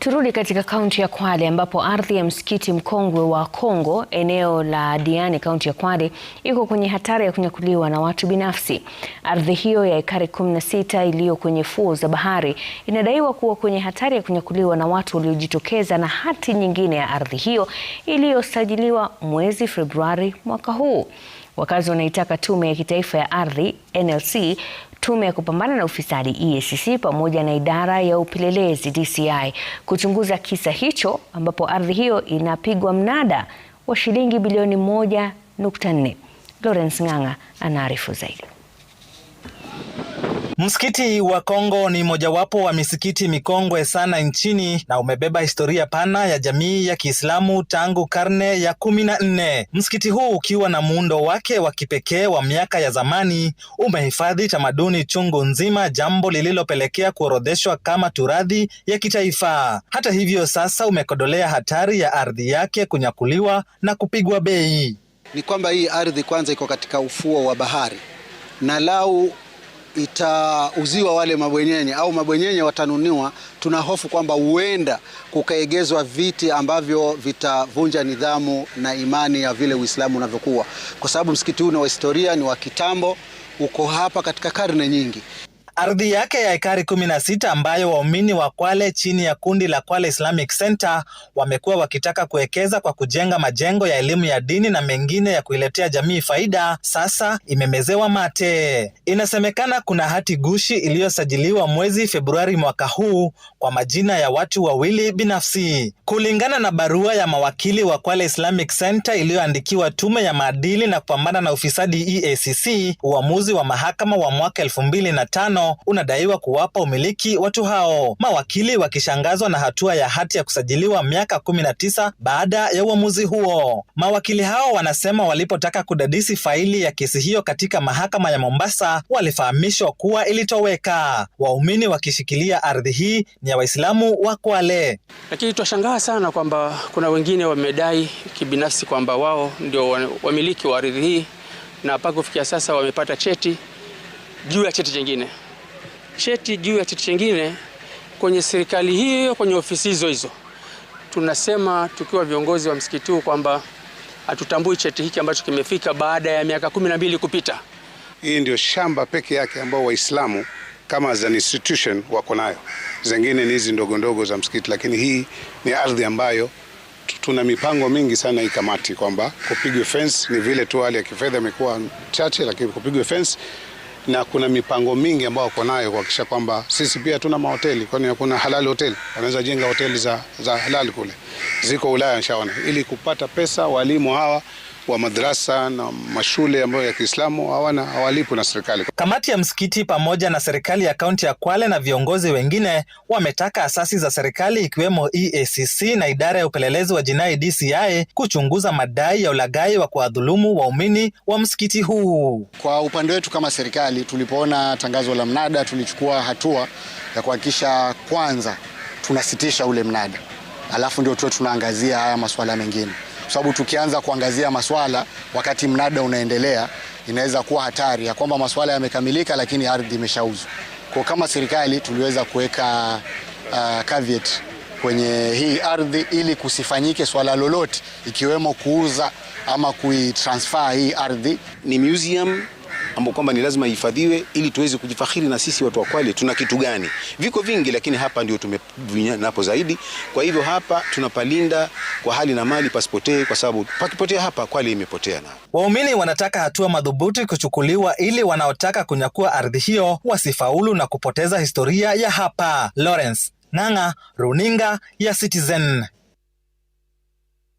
Turudi katika kaunti ya Kwale ambapo ardhi ya msikiti mkongwe wa Kongo eneo la Diani kaunti ya Kwale iko kwenye hatari ya kunyakuliwa na watu binafsi. Ardhi hiyo ya ekari 16 iliyo kwenye fuo za bahari inadaiwa kuwa kwenye hatari ya kunyakuliwa na watu waliojitokeza na hati nyingine ya ardhi hiyo iliyosajiliwa mwezi Februari mwaka huu. Wakazi wanaitaka Tume ya Kitaifa ya Ardhi NLC tume ya kupambana na ufisadi EACC pamoja na idara ya upelelezi DCI kuchunguza kisa hicho ambapo ardhi hiyo inapigwa mnada wa shilingi bilioni moja nukta nne. Lawrence Ng'ang'a anaarifu zaidi. Msikiti wa Kongo ni mojawapo wa misikiti mikongwe sana nchini na umebeba historia pana ya jamii ya Kiislamu tangu karne ya kumi na nne. Msikiti huu ukiwa na muundo wake wa kipekee wa miaka ya zamani umehifadhi tamaduni chungu nzima, jambo lililopelekea kuorodheshwa kama turadhi ya kitaifa. Hata hivyo, sasa umekodolea hatari ya ardhi yake kunyakuliwa na kupigwa bei. Ni kwamba hii ardhi kwanza iko katika ufuo wa bahari na lau itauziwa wale mabwenyenye au mabwenyenye watanuniwa. Tuna hofu kwamba huenda kukaegezwa viti ambavyo vitavunja nidhamu na imani ya vile Uislamu unavyokuwa, kwa sababu msikiti huu ni wa historia, ni wa kitambo, uko hapa katika karne nyingi. Ardhi yake ya ekari 16 ambayo waumini wa Kwale chini ya kundi la Kwale Islamic Center wamekuwa wakitaka kuwekeza kwa kujenga majengo ya elimu ya dini na mengine ya kuiletea jamii faida, sasa imemezewa mate. Inasemekana kuna hati gushi iliyosajiliwa mwezi Februari mwaka huu kwa majina ya watu wawili binafsi. Kulingana na barua ya mawakili wa Kwale Islamic Center iliyoandikiwa tume ya maadili na kupambana na ufisadi EACC, uamuzi wa mahakama wa mwaka 2005 unadaiwa kuwapa umiliki watu hao, mawakili wakishangazwa na hatua ya hati ya kusajiliwa miaka kumi na tisa baada ya uamuzi huo. Mawakili hao wanasema walipotaka kudadisi faili ya kesi hiyo katika mahakama ya Mombasa walifahamishwa kuwa ilitoweka. Waumini wakishikilia ardhi hii ni ya Waislamu wa Kwale, lakini twashangaa sana kwamba kuna wengine wamedai kibinafsi kwamba wao ndio wamiliki wa ardhi hii na mpaka kufikia sasa wamepata cheti juu ya cheti chingine cheti juu ya cheti chingine kwenye serikali hiyo, kwenye ofisi hizo hizo. Tunasema tukiwa viongozi wa msikiti huu kwamba hatutambui cheti hiki ambacho kimefika baada ya miaka kumi na mbili kupita. Hii ndio shamba peke yake ambao Waislamu kama as an institution wako nayo, zingine ni hizi ndogo ndogo za msikiti, lakini hii ni ardhi ambayo tuna mipango mingi sana hii kamati kwamba kupigwe fence. Ni vile tu hali ya kifedha imekuwa chache, lakini kupigwe fence na kuna mipango mingi ambayo wako nayo kuhakikisha kwamba sisi pia tuna mahoteli, kwani kuna halali hoteli, wanaweza jenga hoteli za, za halali kule, ziko Ulaya, nshaona, ili kupata pesa walimu hawa wa madrasa na mashule ambayo ya Kiislamu hawana hawalipo na serikali. Kamati ya msikiti pamoja na serikali ya kaunti ya Kwale na viongozi wengine wametaka asasi za serikali ikiwemo EACC na idara ya upelelezi wa jinai DCI kuchunguza madai ya ulaghai wa kuwadhulumu waumini wa msikiti huu. Kwa upande wetu kama serikali, tulipoona tangazo la mnada, tulichukua hatua ya kuhakikisha kwanza tunasitisha ule mnada, alafu ndio tuwe tunaangazia haya masuala mengine kwa sababu tukianza kuangazia maswala wakati mnada unaendelea inaweza kuwa hatari ya kwamba maswala yamekamilika, lakini ardhi imeshauzwa. Kwa kama serikali tuliweza kuweka uh, caveat kwenye hii ardhi ili kusifanyike swala lolote ikiwemo kuuza ama kuitransfer hii ardhi. Ni museum ambao kwamba ni lazima ihifadhiwe ili tuweze kujifakhiri na sisi watu wa Kwale tuna kitu gani. Viko vingi, lakini hapa ndio tumenapo zaidi. Kwa hivyo hapa tunapalinda kwa hali na mali pasipotee, kwa sababu pakipotea hapa Kwale imepotea. Na waumini wanataka hatua madhubuti kuchukuliwa ili wanaotaka kunyakua ardhi hiyo wasifaulu na kupoteza historia ya hapa. Lawrence Nanga, Runinga ya Citizen.